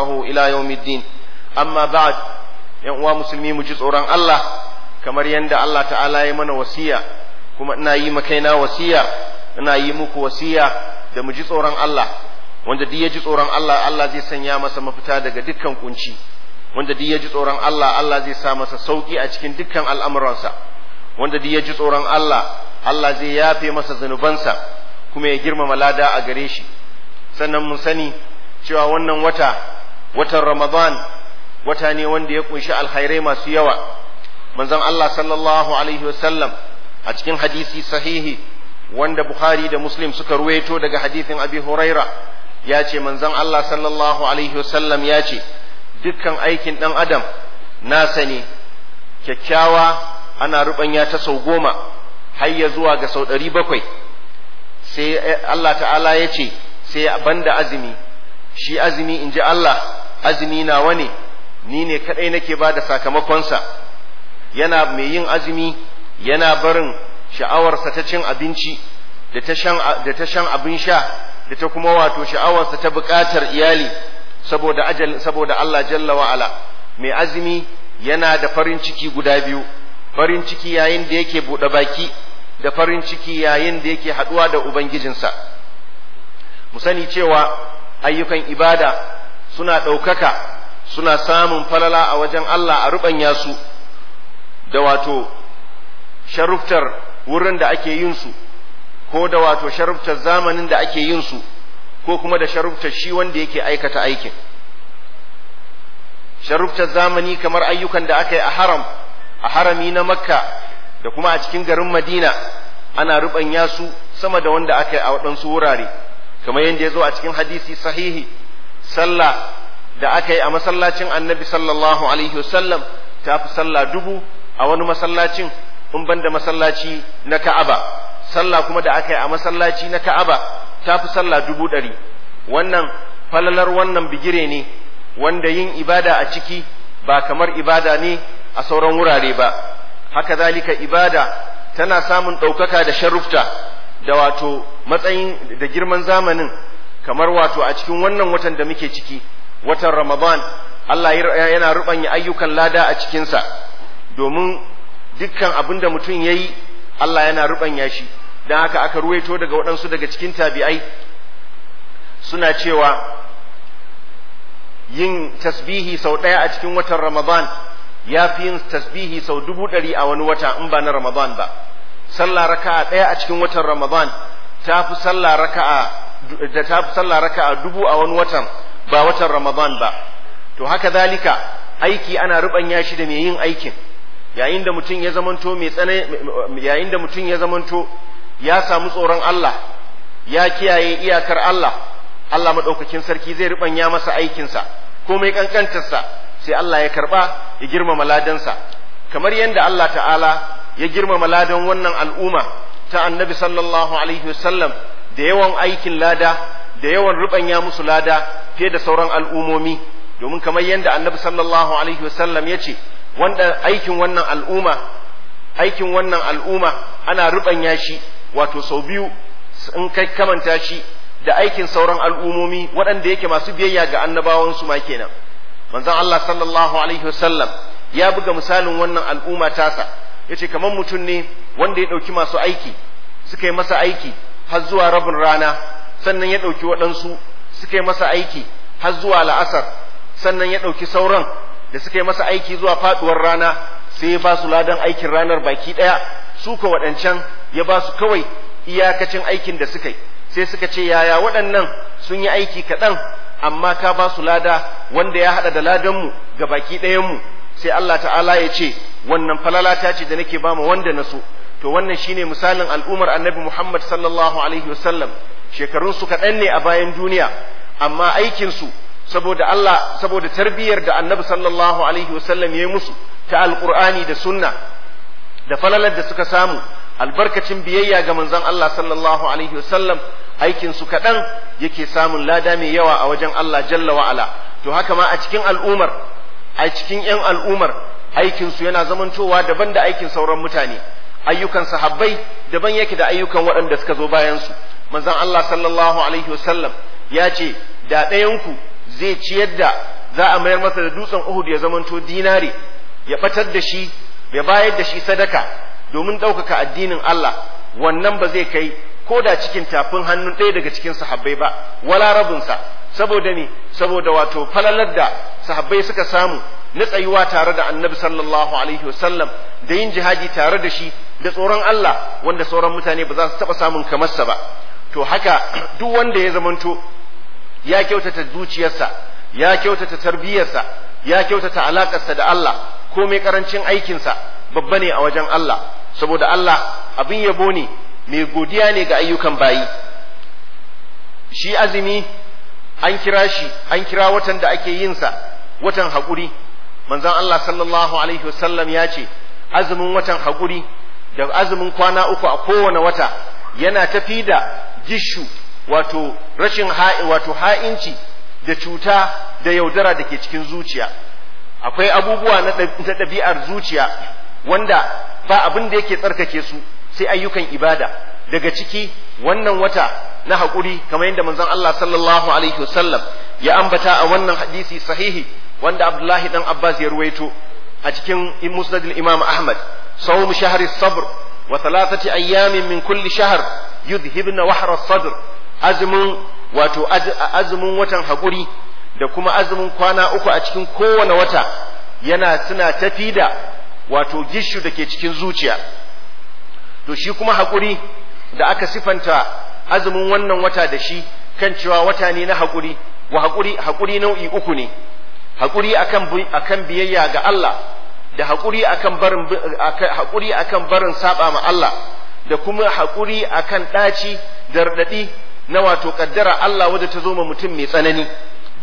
وشكره إلى يوم الدين أما بعد ينوى مسلمي مجز أوران الله كما يندى الله تعالى يمن وسيا كما نايي كينا وسيا نايي مك وسيا da mu ji tsoron Allah wanda duk ya ji tsoron Allah Allah zai sanya masa mafita daga dukkan kunci wanda duk ya ji tsoron Allah Allah zai sa masa sauki a cikin dukkan al'amuransa wanda duk ya ji tsoron Allah Allah zai yafe masa zanubansa kuma ya girmama lada a gare shi sannan mun sani cewa wannan wata watan ramadan wata ne wanda ya kunshi alkhairai masu yawa manzon Allah sallallahu alaihi wasallam a cikin hadisi sahihi wanda bukhari da muslim suka ruwaito daga hadisin abi huraira ya ce manzon Allah sallallahu alaihi wasallam ya ce dukkan aikin dan adam nasa ne kyakkyawa ana rubanya ta sau goma har ya zuwa ga sau ɗari bakwai sai Allah ta'ala ya ce sai banda azumi shi azumi in ji Allah azumi nawa ne ni ne kadai nake ba da sakamakonsa yana mai yin azumi yana barin sha'awarsa ta cin abinci da ta shan abin sha da ta kuma wato sha'awarsa ta bukatar iyali saboda ajal saboda Allah jalla wa'ala ala mai azumi yana da farin ciki guda biyu farin ciki yayin da yake buɗe baki da farin ciki yayin da yake haɗuwa da ubangijinsa mu sani cewa ayyukan ibada suna ɗaukaka suna samun falala a wajen Allah a ruɓanya su da wato sharuftar wurin da ake yin su ko da wato sharuftar zamanin da ake yin su ko kuma da sharuftar shi wanda yake aikata aikin sharuftar zamani kamar ayyukan da aka yi a haram a harami na makka da kuma a cikin garin madina ana ruɓanya su sama da wanda aka yi a waɗansu wurare kamar yadda ya zo a cikin hadisi sahihi sallah da aka yi a masallacin annabi sallallahu alaihi wasallam ta fi sallah dubu a wani masallacin in ban da masallaci na ka'aba sallah kuma da aka yi a masallaci na ka'aba ta fi sallah dubu ɗari wannan falalar wannan bigire ne wanda yin ibada a ciki ba kamar ibada ne a sauran wurare ba haka zalika ibada tana samun ɗaukaka da sharufta da wato matsayin da girman zamanin kamar wato a cikin wannan watan da muke ciki watan ramadan Allah yana rubanya ayyukan lada a cikinsa domin dukkan abin da mutum ya yi Allah yana rubanya shi don haka aka ruwaito daga waɗansu daga cikin tabi'ai suna cewa yin tasbihi sau ɗaya a cikin watan ramadan ya fi yin tasbihi sau dubu ɗari a wani wata in ba na ramadan ba sallah raka'a ɗaya a cikin watan ramadan ta fi sallah raka'a da ta fi sallah raka a dubu a wani watan ba watan ramadan ba to haka zalika aiki ana rubanya shi da mai yin aikin yayin da mutum ya zamanto mai tsane yayin da mutum ya zamanto ya samu tsoron Allah ya kiyaye iyakar Allah Allah madaukakin sarki zai rubanya masa aikinsa komai sa sai Allah ya karba ya girmama ladansa kamar yadda Allah ta'ala ya girmama ladan wannan al'umma ta annabi sallallahu alaihi wasallam da yawan aikin lada da yawan rubanya musu lada fiye da sauran al'umomi domin kamar yadda annabi sallallahu alaihi wasallam ya ce wanda aikin wannan al'umma aikin wannan al'umma ana rubanya shi wato sau biyu in kai kamanta shi da aikin sauran al'umomi waɗanda yake masu biyayya ga annabawansu ma kenan manzon Allah sallallahu alaihi wasallam ya buga misalin wannan al'umma tasa yace kamar mutum ne wanda ya ɗauki masu aiki suka yi masa aiki har zuwa rabin rana sannan ya ɗauki waɗansu suka yi masa aiki har zuwa la'asar sannan ya ɗauki sauran da suka yi masa aiki zuwa faɗuwar rana sai ya ba su ladan aikin ranar baki ɗaya su ka waɗancan ya ba su kawai iyakacin aikin da suka yi sai suka ce yaya waɗannan sun yi aiki kaɗan amma ka ba su lada wanda ya haɗa da ladanmu ga baki ɗayanmu sai Allah ta'ala ya ce wannan falalata ce da nake ba mu wanda na so to wannan shine misalin al'umar annabi Muhammad sallallahu alaihi wasallam shekarun su kaɗan ne a bayan duniya amma aikin su saboda Allah saboda tarbiyyar da annabi sallallahu alaihi wasallam ya yi musu ta alqur'ani da sunna da falalar da suka samu albarkacin biyayya ga manzon Allah sallallahu alaihi wasallam aikin su kaɗan yake samun lada mai yawa a wajen Allah jalla wa'ala to haka ma a cikin al'umar a cikin 'yan al'umar aikinsu yana zamantowa daban da aikin sauran mutane ayyukan sahabbai daban yake da ayyukan waɗanda suka zo bayan su manzon Allah sallallahu alaihi wasallam ya ce da ɗayanku zai ciyar da za a mayar masa da dutsen Uhud ya zamanto dinari ya batar da shi ya bayar da shi sadaka domin ɗaukaka addinin Allah wannan ba zai kai ko da cikin tafin hannun ɗaya daga cikin sahabbai ba wala rabinsa saboda ne saboda wato falalar da sahabbai suka samu na tsayuwa tare da annabi sallallahu alaihi wasallam da yin jihadi tare da shi da tsoron Allah wanda sauran mutane ba za su taɓa samun kamarsa ba to haka duk wanda ya zamanto ya kyautata zuciyarsa ya kyautata tarbiyarsa, ya kyautata alakarsa da Allah ko mai karancin aikinsa babba ne a wajen Allah saboda Allah abin yabo ne mai godiya ne ga ayyukan bayi shi azumi an kira shi an kira watan da ake yinsa watan haƙuri manzon Allah sallallahu alaihi wasallam ya ce azumin watan hakuri da azumin kwana uku a kowane wata yana tafi da gishu wato rashin ha'i wato ha'inci da cuta da yaudara da ke cikin zuciya akwai abubuwa na ɗabi'ar zuciya wanda ba abin da yake tsarkake su sai ayyukan ibada daga ciki wannan wata na haƙuri kamar yadda manzon Allah sallallahu alaihi wasallam ya ambata a wannan hadisi sahihi wanda abdullahi dan abbas ya ruwaito a cikin musnadil imam ahmad sawm as sabr wa thalathati ayyamin min kulli shahr yudhibna wahra sadr azumin wato azumin watan haƙuri. da kuma azumin kwana uku a cikin kowane wata yana suna tafi da wato gishu da ke cikin zuciya to shi kuma haƙuri da aka sifanta azumin wannan wata da shi kan cewa wata ne na hakuri wa haƙuri nau'i uku ne haƙuri akan biyayya ga Allah da haƙuri akan barin haƙuri akan barin saba ma Allah da kuma haƙuri akan ɗaci da raɗaɗi na wato ƙaddara Allah wadda ta zo ma mutum mai tsanani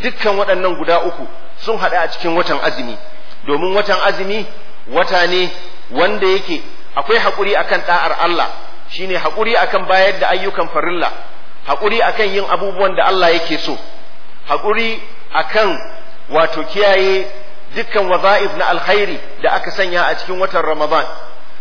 dukkan waɗannan guda uku sun haɗu a cikin watan azumi domin watan azumi wata ne wanda yake akwai haƙuri akan ɗa'ar Allah shine haƙuri akan bayar da ayyukan farilla haƙuri akan yin abubuwan da Allah yake so haƙuri akan wato kiyaye dukkan waza'if na alkhairi da aka sanya a cikin watan Ramadan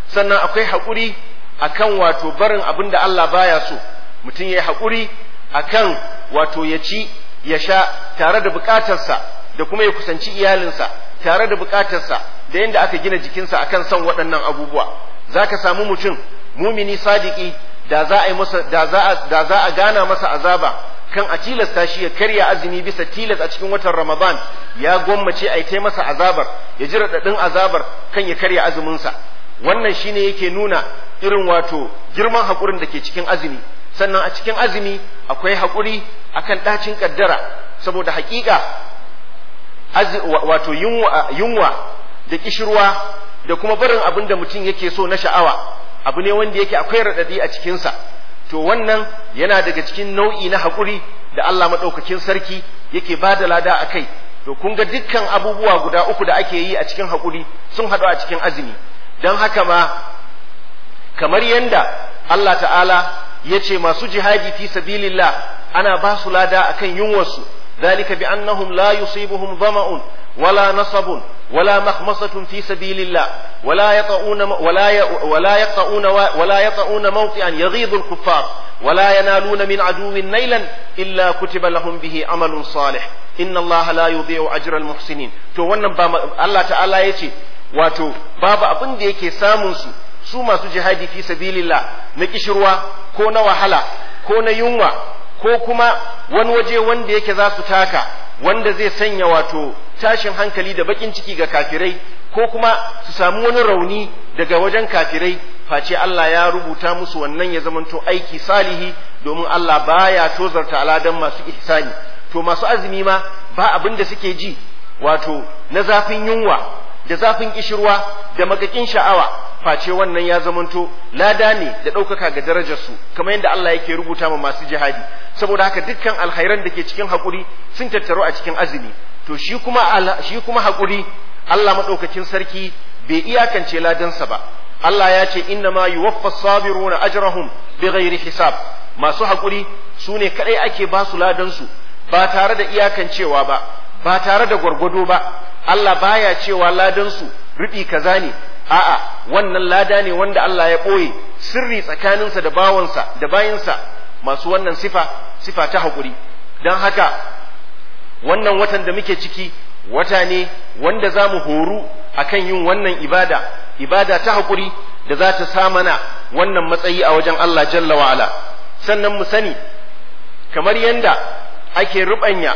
sannan akwai haƙuri akan wato barin abin da Allah baya so mutum ya yi haƙuri akan wato ya ci ya sha tare da bukatarsa da kuma ya kusanci iyalinsa tare da bukatarsa da yadda aka gina jikinsa akan son waɗannan abubuwa za ka samu mutum mumini sadiki da za a gana masa azaba kan a tilasta shi ya karya azumi bisa tilas a cikin watan Ramadan ya gwammace a yi masa azabar ya ji raɗaɗin azabar kan ya karya azuminsa wannan shine yake nuna irin wato girman haƙurin da ke cikin azumi sannan a cikin azumi akwai haƙuri akan ɗacin ƙaddara saboda haƙiƙa wato yunwa da ƙishirwa da kuma barin abin da mutum yake so na sha'awa abu ne wanda yake akwai raɗaɗi a cikinsa to wannan yana daga cikin nau'i na haƙuri da Allah maɗaukakin sarki yake ba da lada a kai to kun ga dukkan abubuwa guda uku da ake yi a cikin haƙuri sun haɗu a cikin azumi don haka ma kamar yadda Allah ta'ala ya ce masu jihadi fi sabilillah ana ba su lada akan yunwarsu ذلك بأنهم لا يصيبهم ظمأ ولا نصب ولا مخمصة في سبيل الله ولا يطؤون ولا ولا يطؤون ولا يطؤون موطئا يغيظ الكفار ولا ينالون من عدو نيلا إلا كتب لهم به عمل صالح إن الله لا يضيع أجر المحسنين تو wannan ba Allah ta'ala yace wato babu abin da yake samun su su masu jihadi fi sabilillah na kishirwa ko na wahala ko na yunwa ko kuma wani waje wanda yake za su taka wanda zai sanya wato tashin hankali da bakin ciki ga kafirai ko kuma su samu wani rauni daga wajen kafirai face Allah ya rubuta musu wannan ya zamanto aiki salihi domin Allah baya tozarta aladan masu ihsani to masu azumi ma ba abin da suke ji wato na zafin yunwa da zafin kishirwa da makakin sha'awa face wannan ya zamanto lada ne da ɗaukaka ga darajarsu kamar yadda Allah yake rubuta ma masu jihadi saboda haka dukkan alkhairan da ke cikin haƙuri sun tattaru a cikin azumi to shi kuma shi kuma haƙuri Allah maɗaukakin sarki bai iyakance ladansa ba Allah ya ce inna ma yuwaffa sabiruna ajrahum bighairi hisab masu haƙuri su ne kaɗai ake ba su ladansu ba tare da iyakancewa ba ba tare da gwargwado ba Allah baya cewa ladansu riɗi kaza ne a'a wannan lada ne wanda Allah ya ɓoye sirri tsakaninsa da bawansa da bayinsa masu wannan sifa sifa ta haƙuri don haka wannan watan da muke ciki wata ne wanda za mu horu a kan yin wannan ibada ibada ta haƙuri da za ta sa mana wannan matsayi a wajen Allah jalla wa'ala sannan mu sani kamar yanda ake ruɓanya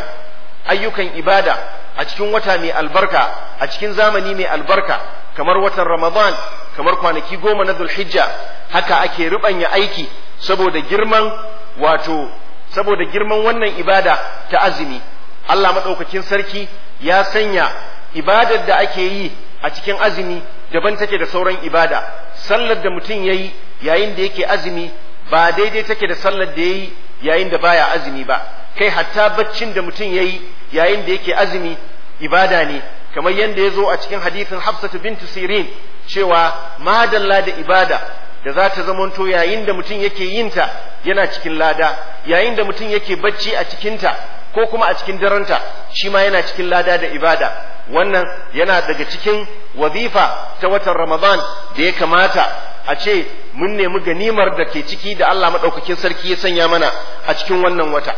ayyukan ibada a cikin wata mai albarka a cikin zamani mai albarka kamar watan ramadan kamar kwanaki goma na dhulhijja haka ake rubanya aiki saboda girman wato saboda girman wannan ibada ta azumi Allah madaukakin sarki ya sanya ibadar da ake yi a cikin azumi daban take da sauran ibada sallar da mutum yayi yayin da yake azumi ba daidai take da sallar da yayi yayin da baya azumi ba kai hatta baccin da mutum yayi yayin da yake azumi ibada ne kamar yadda ya zo a cikin hadithin hafsatu bintu sirin cewa madalla da ibada da za ta zamanto yayin da mutum yake ta yana cikin lada yayin da mutum yake bacci a cikinta ko kuma a cikin ta shi ma yana cikin lada da ibada wannan yana daga cikin wazifa ta watan ramadan da ya kamata a ce mun nemi ganimar da ke ciki da allah maɗaukakin sarki ya sanya mana a cikin wannan wata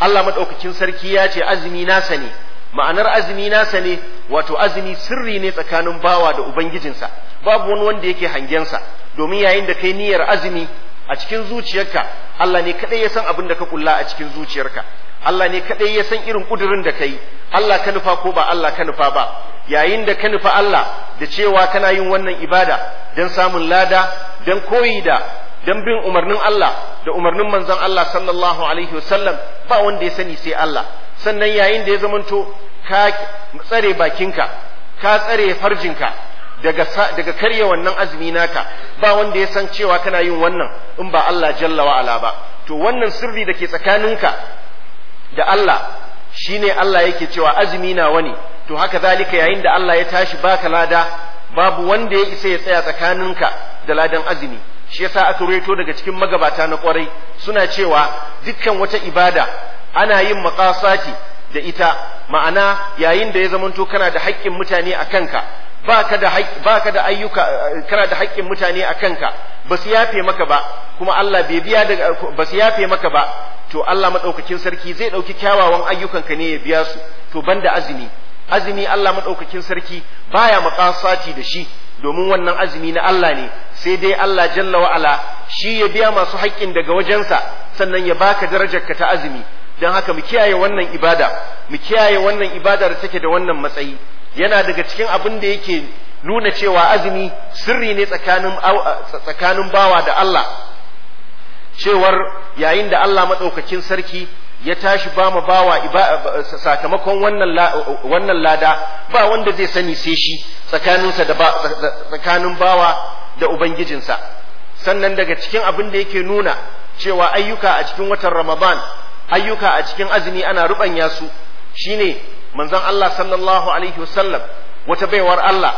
allah maɗaukakin sarki ya ce azumi nasa ne ma'anar azumi nasa ne wato azumi sirri ne tsakanin bawa da ubangijinsa babu wani wanda yake hangensa domin yayin da kai niyyar azumi a cikin zuciyarka Allah ne kadai ya san abin da ka kulla a cikin zuciyarka Allah ne kadai ya san irin kudurin da kai Allah ka nufa ko ba Allah ka nufa ba yayin da ka nufa Allah da cewa kana yin wannan ibada dan samun lada don koyi da don bin umarnin Allah da umarnin manzon Allah sallallahu alaihi wasallam ba wanda ya sani sai Allah sannan yayin da ya zamanto ka tsare bakinka ka tsare farjinka daga daga karya wannan azumi naka ba wanda ya san cewa kana yin wannan in ba Allah jalla wa ala ba to wannan sirri da ke tsakaninka da Allah shine Allah yake cewa azumi na wani to haka zalika yayin da Allah ya tashi baka lada babu wanda ya isa ya tsaya tsakaninka da ladan azumi shi yasa aka ruwaito daga cikin magabata na kwarai suna cewa dukkan wata ibada ana yin maqasati da ita ma'ana yayin da ya zamanto kana da haƙƙin mutane a kanka baka da baka da ayyuka kana da haƙƙin mutane a kanka ba su yafe maka ba kuma Allah bai biya da ba su yafe maka ba to Allah madaukakin sarki zai dauki kyawawan ayyukan ka ne ya biya su to banda azumi azumi Allah madaukakin sarki baya maqasati da shi domin wannan azumi na Allah ne sai dai Allah jalla wa ala shi ya biya masu haƙƙin daga wajensa sannan ya baka darajar ka ta azumi don haka mu kiyaye wannan ibada mu kiyaye wannan ibada da take da wannan matsayi yana daga cikin abin da yake nuna cewa azumi sirri ne tsakanin tsakanin bawa da Allah cewar yayin da Allah matsaukakin sarki ya tashi ba mu bawa sakamakon wannan lada ba wanda zai sani sai shi tsakaninsa da tsakanin bawa da ubangijinsa sannan daga cikin abin da yake nuna cewa ayyuka a cikin watan Ramadan ayyuka a cikin azumi ana rubanya su shine manzon Allah sallallahu alaihi wasallam wata baiwar Allah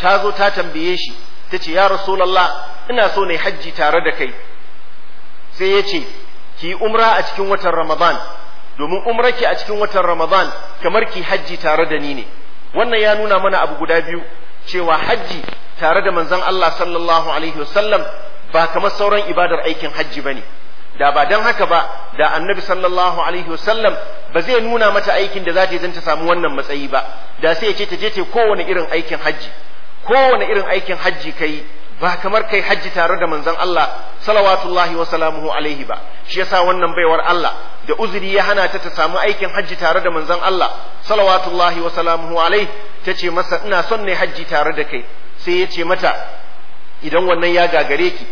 ta zo ta tambaye shi ta ce ya rasulallah ina so ne hajji tare da kai sai ya ce ki yi umra a cikin watan ramadan domin umrarki a cikin watan ramadan kamar ki hajji tare da ni ne wannan ya nuna mana abu guda biyu cewa hajji tare da manzon Allah sallallahu alaihi wasallam ba kamar sauran ibadar aikin hajji bane da ba don haka ba da annabi sallallahu alaihi wasallam ba zai nuna mata aikin da za ta yi don ta samu wannan matsayi ba da sai ya ce ta je ta kowane irin aikin hajji kowane irin aikin hajji kai ba kamar kai hajji tare da manzon Allah salawatullahi wa salamuhu alaihi ba shi yasa wannan baiwar Allah da uzuri ya hana ta ta samu aikin hajji tare da manzon Allah salawatullahi wa salamuhu alaihi ta masa ina son ne hajji tare da kai sai ya ce mata idan wannan ya gagare ki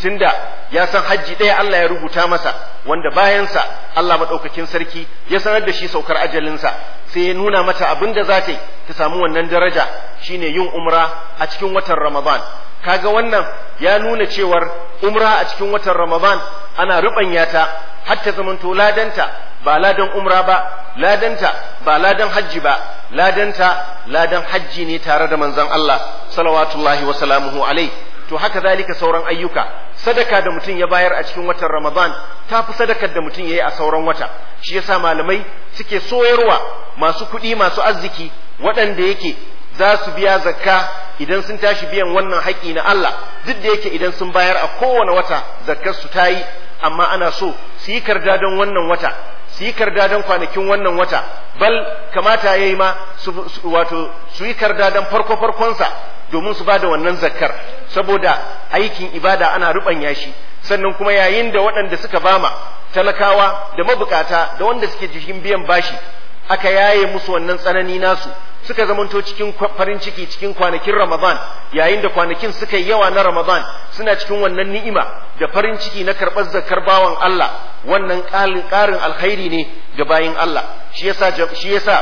tunda ya san hajji ɗaya Allah ya rubuta masa wanda bayansa Allah maɗaukakin sarki ya sanar da shi saukar ajalinsa sai ya nuna mata abin da za ta yi ta samu wannan daraja shine yin umra a cikin watan Ramadan kaga wannan ya nuna cewar umra a cikin watan Ramadan ana ruɓanya ta hatta ta zamanto ladanta ba ladan umra ba ladanta ba ladan hajji ba ladanta ladan hajji ne tare da manzon Allah salawatullahi wa salamuhu alaihi to haka zalika sauran ayyuka sadaka da mutum ya bayar a cikin watan ramadan ta fi sadakar da mutum ya yi a sauran wata shi yasa malamai suke soyarwa masu kuɗi masu arziki waɗanda yake za su biya zakka idan sun tashi biyan wannan haƙƙi na Allah duk da yake idan sun bayar a kowane wata zakkar su ta yi amma ana so su yi karda don wannan wata su yi karda don kwanakin wannan wata bal kamata ya yi ma wato su yi karda don farko farkonsa domin su ba da wannan zakkar saboda aikin ibada ana ruɓanya shi sannan kuma yayin da waɗanda suka bama talakawa da mabukata da wanda suke jikin biyan bashi aka yaye musu wannan tsanani nasu suka zamanto cikin farin ciki cikin kwanakin Ramadan yayin da kwanakin suka yawa na Ramadan suna cikin wannan ni'ima da farin ciki na karɓar zakar bawan Allah wannan ƙarin alkhairi ne ga bayin Allah shi yasa shi yasa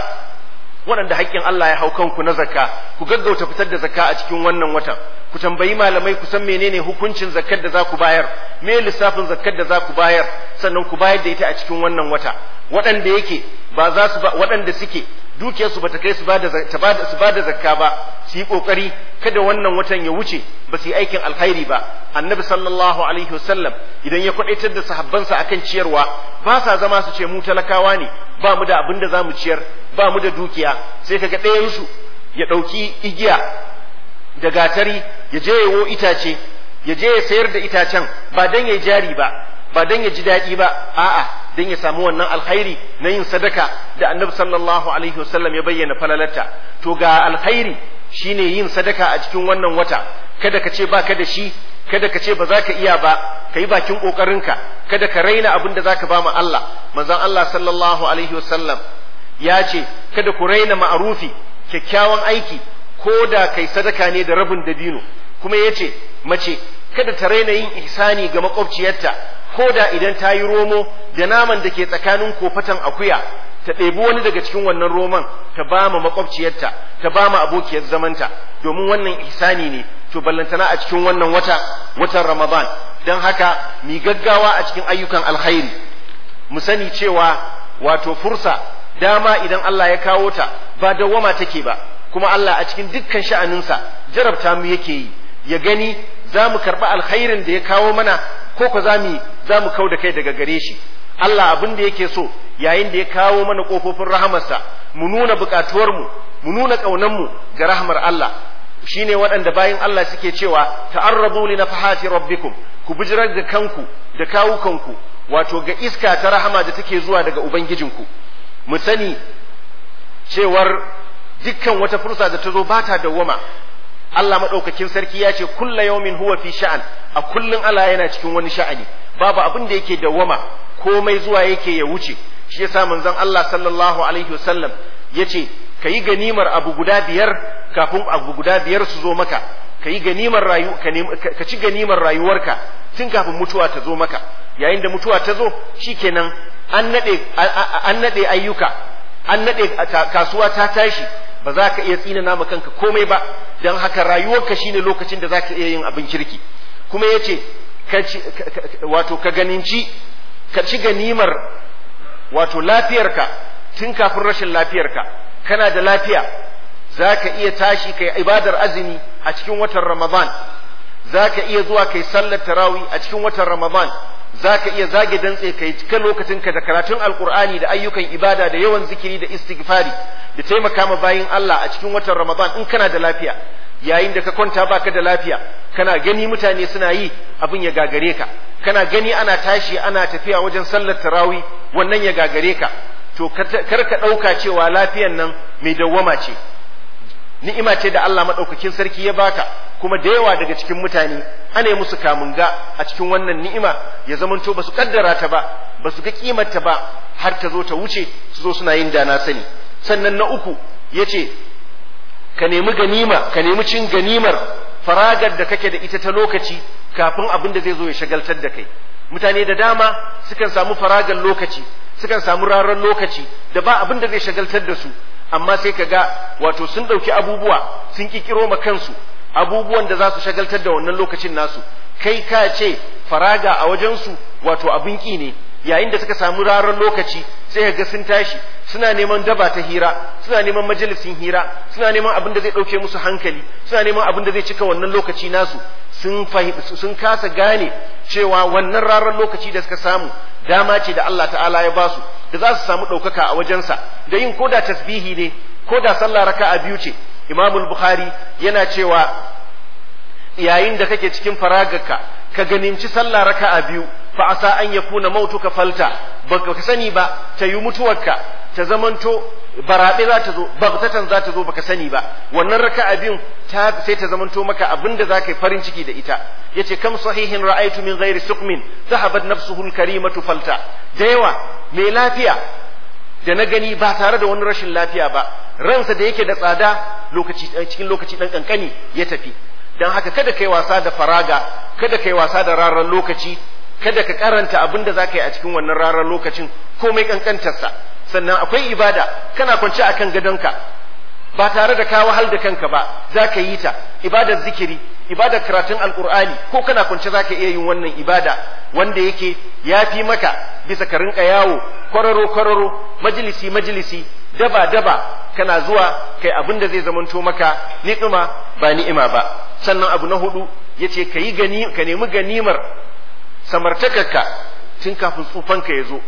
waɗanda haƙƙin Allah ya hau kanku na zakka ku gaggauta fitar da zakka a cikin wannan watan ku tambayi malamai ku san menene hukuncin zakkar da za ku bayar me lissafin zakkar da za ku bayar sannan ku bayar da ita a cikin wannan wata waɗanda yake ba za su ba waɗanda suke dukiyarsu ba ta kai su ba da zakka ba su yi kokari kada wannan watan ya wuce ba su yi aikin alkhairi ba annabi sallallahu alaihi wasallam idan ya kwadaitar da sahabbansa akan ciyarwa ba sa zama su ce mu talakawa ne ba mu da abin da za mu ciyar ba mu da dukiya sai kaga ɗayan su ya ɗauki igiya da gatari ya je yawo itace ya je ya sayar da itacen ba dan ya jari ba ba dan ya ji daɗi ba a'a don ya samu wannan alkhairi na yin sadaka da annabi sallallahu alaihi wasallam ya bayyana falalarta to ga alkhairi shine yin sadaka a cikin wannan wata kada ka ce baka da shi kada ka ce ba za ka iya ba ka yi bakin ƙoƙarinka kada ka raina abin da za ka ba mu Allah manzon Allah sallallahu alaihi wasallam ya ce kada ku raina ma'arufi kyakkyawan aiki ko da kai sadaka ne da rabin dabino kuma ya ce mace kada ta raina yin ihsani ga makwabciyarta ko da idan ta yi romo da naman da ke tsakanin kofatan akuya ta ɗebi wani daga cikin wannan roman ta ba ma makwabciyarta ta ba ma abokiyar zamanta domin wannan ihsani ne to ballantana a cikin wannan wata watan ramadan don haka mi gaggawa a cikin ayyukan alkhairi mu sani cewa wato fursa dama idan Allah ya kawo ta ba dawwama take ba kuma Allah a cikin dukkan sha'aninsa jarabta mu yake yi ya gani za mu karɓi alkhairin da ya kawo mana ko ko za mu kau da kai daga gare shi Allah abin da yake so yayin da ya kawo mana kofofin rahamarsa mu nuna bukatuwar mu mu nuna mu ga rahamar Allah shine waɗanda bayan Allah suke cewa ta'arrabu li nafahati rabbikum ku bijirar da kanku da kawukanku wato ga iska ta rahama da take zuwa daga ubangijinku mu sani cewar dukkan wata fursa da ta zo ba ta dawwama Allah madaukakin sarki ya ce kulla yawmin huwa fi sha'an a kullun Allah yana cikin wani sha'ani babu abin da yake dawwama komai zuwa yake ya wuce shi yasa manzon Allah sallallahu alaihi wasallam yace kayi ganimar abu guda biyar kafin abu guda biyar su zo maka kayi ganimar rayu ka ci ganimar rayuwarka tun kafin mutuwa ta zo maka yayin da mutuwa ta zo shikenan an nade an nade ayyuka an nade kasuwa ta tashi ba za ka iya tsina nama kanka komai ba don haka rayuwarka shine lokacin da za ka iya yin abin kirki kuma ya ce wato ka ganinci ka ci ganimar wato lafiyarka tun kafin rashin lafiyarka kana da lafiya za ka iya tashi kai ibadar azumi a cikin watan ramadan za ka iya zuwa kai sallar tarawih a cikin watan ramadan za ka iya zage dantse ka yi lokacin ka da karatun alkur'ani da ayyukan ibada da yawan zikiri da istighfari da taimaka ma bayin Allah a cikin watan ramadan in kana da lafiya yayin da ka kwanta baka da lafiya kana gani mutane suna yi abin ya gagare ka kana gani ana tashi ana tafiya wajen sallar tarawih wannan ya gagare ka to kar ka ɗauka cewa lafiyan nan mai dawwama ce ni'ima ce da Allah maɗaukakin sarki ya baka kuma da yawa daga cikin mutane ana musu ga a cikin wannan ni'ima ya zamanto ba su kaddara ta ba ba su ga kimarta ba har ta zo ta wuce su zo suna yin dana sani sannan na uku ya ce ka nemi ganima ka nemi cin ganimar faragar da kake da ita ta lokaci kafin abin da zai zo ya shagaltar da kai mutane da dama sukan samu faragar lokaci sukan samu rarar lokaci da ba abin da zai shagaltar da su amma sai ka ga wato sun ɗauki abubuwa sun ƙiƙiro ma kansu abubuwan da za su shagaltar da wannan lokacin nasu kai ka ce faraga a wajensu wato abin ƙi ne yayin da suka samu rarar lokaci sai ga sun tashi suna neman daba ta hira suna neman majalisin hira suna neman abin da zai ɗauke musu hankali suna neman abin da zai cika wannan lokaci nasu sun sun kasa gane cewa wannan rarar lokaci da suka samu dama ce da Allah ta'ala ya basu da za su samu ɗaukaka a wajensa da yin koda tasbihi ne koda sallah raka'a biyu ce imamul bukhari yana cewa yayin da kake cikin faragarka ka ganinci sallah raka'a biyu fa asa an yakuna mautuka falta baka sani ba ta yi mutuwarka ta zamanto barabe za ta zo bagtatan za ta zo baka sani ba wannan raka abin ta sai ta zamanto maka abinda za ka yi farin ciki da ita yace kam sahihin ra'aitu min ghairi suqmin zahabat nafsuhu al-karimatu falta da yawa mai lafiya da na gani ba tare da wani rashin lafiya ba ransa da yake da tsada lokaci eh, cikin lokaci dan kankani ya tafi dan haka kada kai wasa da faraga kada kai wasa da raran lokaci kada ka karanta abin da zaka yi a cikin wannan rarar lokacin komai kankantarsa sannan akwai ibada kana kwance akan gadonka ba tare da ka wahal da kanka ba za ka yi ta ibadar zikiri ibadar karatun alkur'ani ko kana kwance za ka iya yin wannan ibada wanda yake ya fi maka bisa ka rinka yawo kwararo kwararo majalisi majalisi daba daba kana zuwa kai abin da zai zamanto maka ni'ima ba ni'ima ba sannan abu na hudu yace ka yi gani ka nemi ganimar samartakarka tun kafin tsufanka ya zo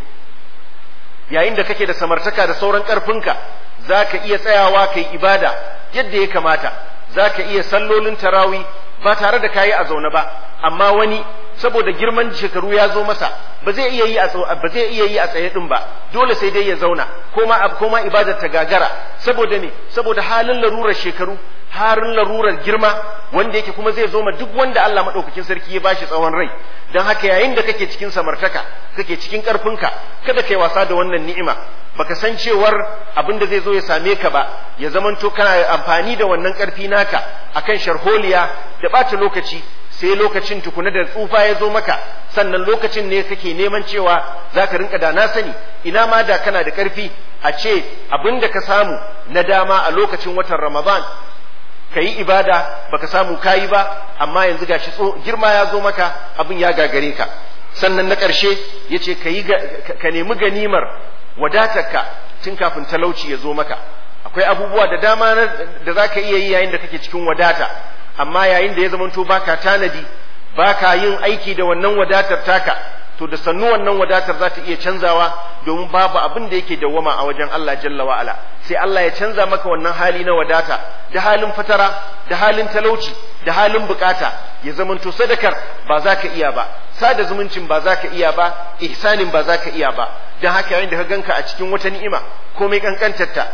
yayin da kake da samartaka da sauran ƙarfinka za ka iya tsayawa ka yi ibada yadda ya kamata za ka iya sallolin tarawi ba tare da kayi a zaune ba amma wani saboda girman shekaru ya zo masa ba zai iya yi a tsaye ɗin ba dole sai dai ya zauna koma koma ibadar ta gagara saboda ne saboda halin larurar shekaru harin larurar girma wanda yake kuma zai zo ma duk wanda Allah madaukakin sarki ya bashi tsawon rai don haka yayin da kake cikin samartaka kake cikin ka kada kai wasa da wannan ni'ima baka san cewar abin da zai zo ya same ka ba ya zamanto kana amfani da wannan karfi naka akan sharholiya da bata lokaci sai lokacin tukuna da tsufa ya zo maka sannan lokacin ne kake neman cewa za ka rinka da na sani ina ma da kana da ƙarfi a ce abin da ka samu na dama a lokacin watan ramadan ka yi ibada ba ka samu kayi ba amma yanzu gashi girma ya zo maka abin ya gagare ka sannan na ƙarshe ya ce ka nemi ganimar wadatarka tun kafin talauci ya zo maka akwai abubuwa da dama da za ka iya yi yayin da kake cikin wadata amma yayin da ya zamanto baka tanadi baka yin aiki da wannan wadatar taka to da sannu wannan wadatar za ta iya canzawa domin babu abin da yake dawwama a wajen Allah jalla wa ala sai Allah ya canza maka wannan hali na wadata da halin fatara da halin talauci da halin bukata ya zamanto sadakar ba za ka iya ba sada zumuncin ba za ka iya ba ihsanin ba za ka iya ba don haka yayin da ka ganka a cikin wata ni'ima komai kankantarta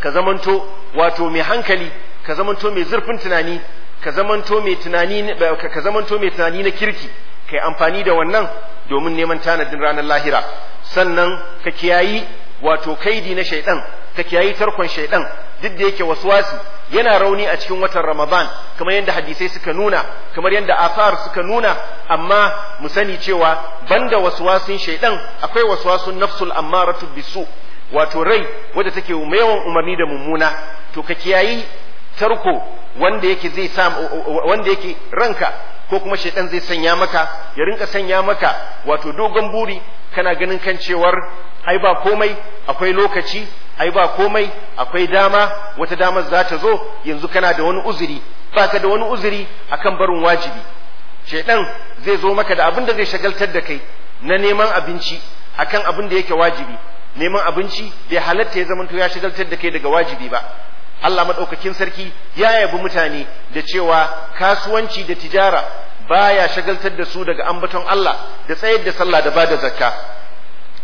ka zamanto wato mai hankali ka zamanto mai zurfin tunani ka zamanto mai tunani ka zamanto mai tunani na kirki kai amfani da wannan domin neman tanadin ranar lahira sannan ka kiyayi wato kaidi na shaidan ka kiyayi tarkon shaidan duk da yake waswasi yana rauni a cikin watan Ramadan kamar yadda hadisai suka nuna kamar yadda asar suka nuna amma mu sani cewa banda waswasin shaidan akwai waswasun nafsul ammaratu bisu wato rai wadda take yawan umarni da mummuna to ka kiyayi tarko wanda yake zai wanda yake ranka ko kuma shaiɗan zai sanya maka ya rinka sanya maka wato dogon buri kana ganin kan cewar ai ba komai akwai lokaci ai ba komai akwai dama wata damar za ta zo yanzu kana da wani uzuri baka da wani uzuri akan barin wajibi Shaiɗan zai zo maka da abin da zai shagaltar da kai na neman abinci akan abin da yake wajibi neman abinci bai halatta ya zama ya shagaltar da kai daga wajibi ba Allah madaukakin sarki ya yabi mutane da cewa kasuwanci da tijara baya shagaltar da su daga ambaton Allah da tsayar da sallah da bada zakka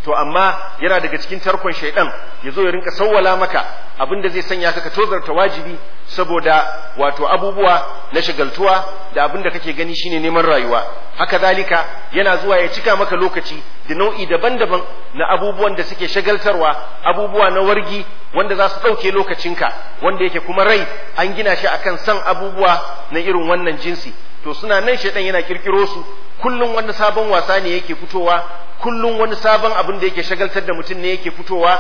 to amma yana daga cikin tarkon shaidan ya zo ya rinka sawwala maka abinda zai sanya ka ka tozarta wajibi saboda wato abubuwa na shagaltuwa da abinda kake gani shine neman rayuwa haka zalika yana zuwa ya cika maka lokaci da nau'i daban-daban na abubuwan da suke shagaltarwa abubuwa na wargi wanda za su ɗauke lokacinka wanda yake kuma rai an gina shi akan san abubuwa na irin wannan jinsi to suna nan shaidan yana kirkiro su kullum wani sabon wasa ne yake fitowa kullum wani sabon abin da yake shagaltar da mutum ne yake fitowa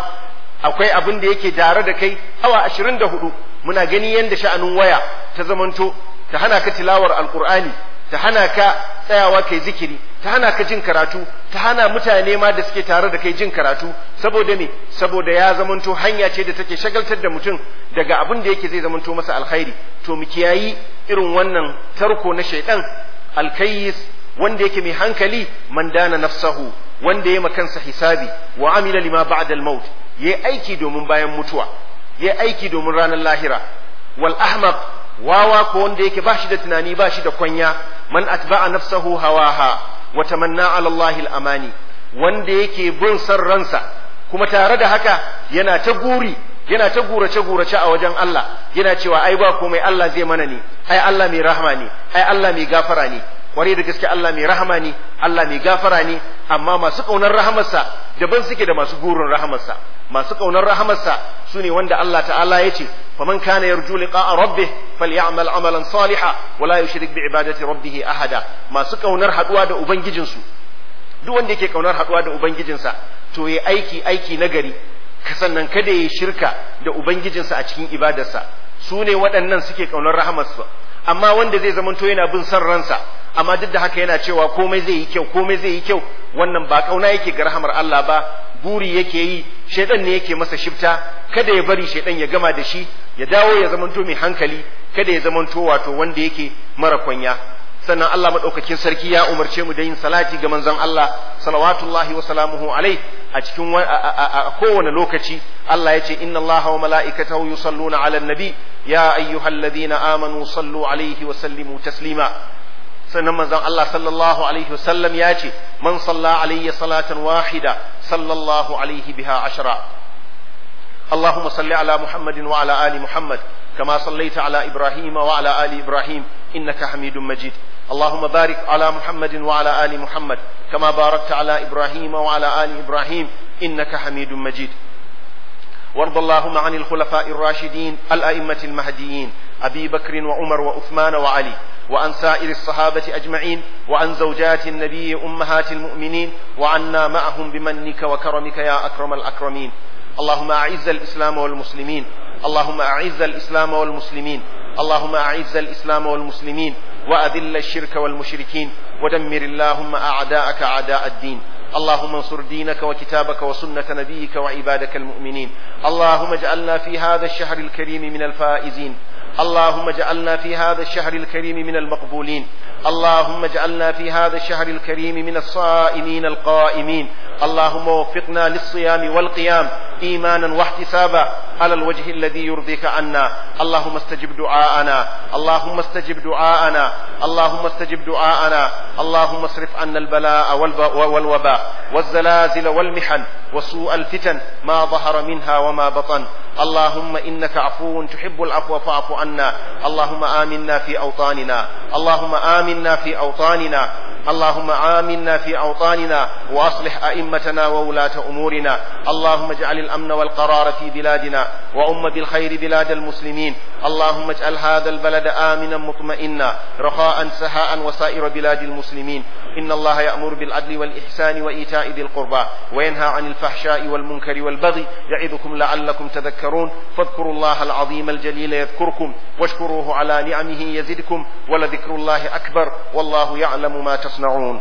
akwai abin da yake dare da kai awa ashirin da hudu muna gani yadda sha'anin waya ta zamanto ta hana ka tilawar alkur'ani ta hana ka tsayawa kai zikiri ta hana ka jin karatu ta hana mutane ma da suke tare da kai jin karatu saboda me saboda ya zamanto hanya ce da take shagaltar da mutum daga abin da yake zai zamanto masa alkhairi to mu kiyayi irin wannan tarko na shaidan alkayis wanda yake mai hankali man dana nafsahu wanda yayi makansa hisabi wa amila lima ba'da al-maut yayi aiki domin bayan mutuwa yayi aiki domin ranar lahira wal ahmaq wawa ko wanda yake bashi da tunani bashi da kwanya man atba'a nafsahu hawaha wa tamanna 'ala Allah al-amani wanda yake bin san ransa kuma tare da haka yana ta guri yana ta gurace gurace a wajen Allah yana cewa ai ba komai Allah zai mana ne ai Allah mai rahama ne ai Allah mai gafara ne kwarai da gaske Allah mai rahama ne Allah mai gafara ne amma masu kaunar rahamarsa daban suke da masu gurin rahamarsa masu kaunar rahamarsa su ne wanda Allah ta'ala ya ce faman kana yarju liqa'a rabbih falyamal amalan saliha wala yushrik bi ibadati rabbih ahada masu kaunar haduwa da ubangijinsu duk wanda yake kaunar haduwa da ubangijinsa to yayi aiki aiki nagari sannan kada ya shirka da ubangijinsa a cikin ibadarsa su ne waɗannan suke kaunar rahamarsa amma wanda zai zamanto yana bin son ransa amma duk da haka yana cewa komai zai yi kyau komai zai yi kyau wannan ba kauna yake ga rahamar Allah ba buri yake yi shaidan ne yake masa shifta kada ya bari shaidan ya gama da shi ya dawo ya zamanto mai hankali kada ya zamanto wato wanda yake mara kwanya sannan Allah madaukakin sarki ya umarce mu da yin salati ga manzon Allah salawatullahi wa salamuhu alai a cikin a kowane lokaci Allah ya ce inna Allah wa mala'ikatahu yusalluna ala nabi ya ayyuhalladhina amanu sallu alaihi wa sallimu taslima sannan manzon Allah sallallahu alaihi wasallam ya ce man salla alayya salatan wahida sallallahu alaihi biha ashra اللهم صل على محمد وعلى ال محمد كما صليت على ابراهيم وعلى ال ابراهيم انك حميد مجيد اللهم بارك على محمد وعلى ال محمد كما باركت على ابراهيم وعلى ال ابراهيم انك حميد مجيد وارض اللهم عن الخلفاء الراشدين الأئمة المهديين أبي بكر وعمر وعثمان وعلي وعن سائر الصحابة أجمعين وعن زوجات النبي أمهات المؤمنين وعنا معهم بمنك وكرمك يا أكرم الأكرمين اللهم أعز الإسلام والمسلمين اللهم أعز الإسلام والمسلمين اللهم أعز الإسلام والمسلمين وأذل الشرك والمشركين ودمر اللهم أعداءك أعداء الدين اللهم انصر دينك وكتابك وسنة نبيك وعبادك المؤمنين اللهم اجعلنا في هذا الشهر الكريم من الفائزين اللهم اجعلنا في هذا الشهر الكريم من المقبولين اللهم اجعلنا في هذا الشهر الكريم من الصائمين القائمين اللهم وفقنا للصيام والقيام ايمانا واحتسابا على الوجه الذي يرضيك عنا اللهم استجب دعاءنا اللهم استجب دعاءنا اللهم استجب دعاءنا اللهم اصرف عنا البلاء والوباء والزلازل والمحن وسوء الفتن ما ظهر منها وما بطن اللهم انك عفو تحب العفو فاعف عنا اللهم آمنا في أوطاننا اللهم آمنا في أوطاننا اللهم آمنا في أوطاننا وأصلح أئمتنا وولاة أمورنا اللهم اجعل الأمن والقرار في بلادنا وأم بالخير بلاد المسلمين اللهم اجعل هذا البلد آمنا مطمئنا رخاء سهاء وسائر بلاد المسلمين إن الله يأمر بالعدل والإحسان وإيتاء ذي القربى وينهى عن الفحشاء والمنكر والبغي يعظكم لعلكم تذكرون فاذكروا الله العظيم الجليل يذكركم يزدكم واشكروه على نعمه يزدكم ولذكر الله أكبر والله يعلم ما تصنعون